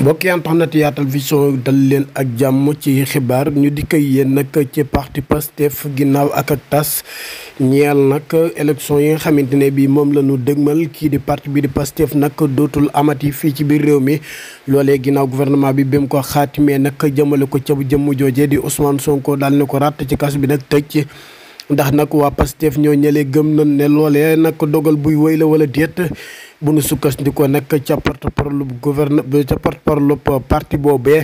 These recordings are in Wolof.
mbokk yi internet Yaatal Vision dal leen ak jàmm ci xibaar ñu dikk koy yéen nag ci parti Pastef ginnaaw ak ak tas ñeel nag élection yi nga xamante ne bii moom lañu ñu dëgmal kii di parti bi di Pastef nag dootul amati fii ci biir réew mi loolee ginnaaw gouvernement bi bi mu ko xaatimee nag jëmale ko ca jëmm joojee di Ousmane Sonko daal ne ko ràtt ci kas bi nag tëj ci ndax nag waa Pastef ñoo ñëlee gëm na ne loolee nag dogal buy wéy la wala déet bu nu sukkandikoo nag ca porte-parole bu gouverne ca porte-parole parti boobee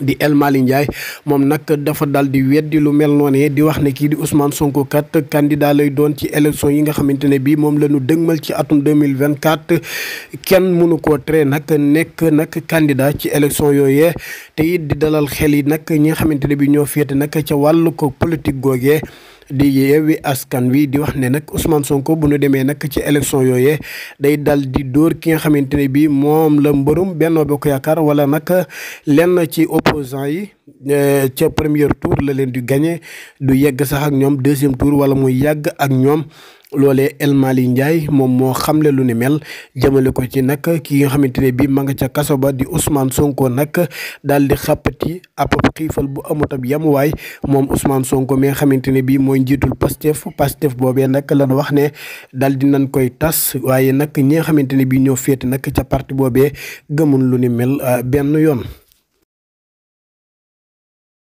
di El Malick Ndiaye moom nag dafa daal di weddi lu mel noonee di wax ne kii di Ousmane Sonko kat candidat lay doon ci élection yi nga xamante ne bii moom la ñu dëgmal ci atum 2024 kenn mënu koo tere nag nekk nag candidat ci élection yooyee te it di dalal xel yi nag ñi nga xamante ne bii ñoo féete nag ca wàllu ko politique googee di yeewi askan wi di wax ne nag Ousmane Sonko bu ñu demee nag ci élection yooyee day dal di dóor ki nga xamante ne bii moom la mbërum Benno Bokk Yaakaar wala nag lenn ci opposant yi euh, ca premier tour la leen di gagné du yegg sax ak ñoom deuxième tour wala muy yàgg ak ñoom loole El Malick Ndiaye moom moo xamle lu ni mel jëmale ko ci nag ki nga xamante ne bii ma nga ca kaso ba di Ousmane Sonko nag daal di xàppati ab xiifal bu amut ab yamuwaay moom Ousmane Sonko mi nga xamante ne bii mooy njiitul Pastef Pastef boobee nag lan wax ne daal di nañ koy tas waaye nag ñi nga xamante ne bii ñoo féete nag ca parti boobee gëmul lu ni mel ah, benn yoon.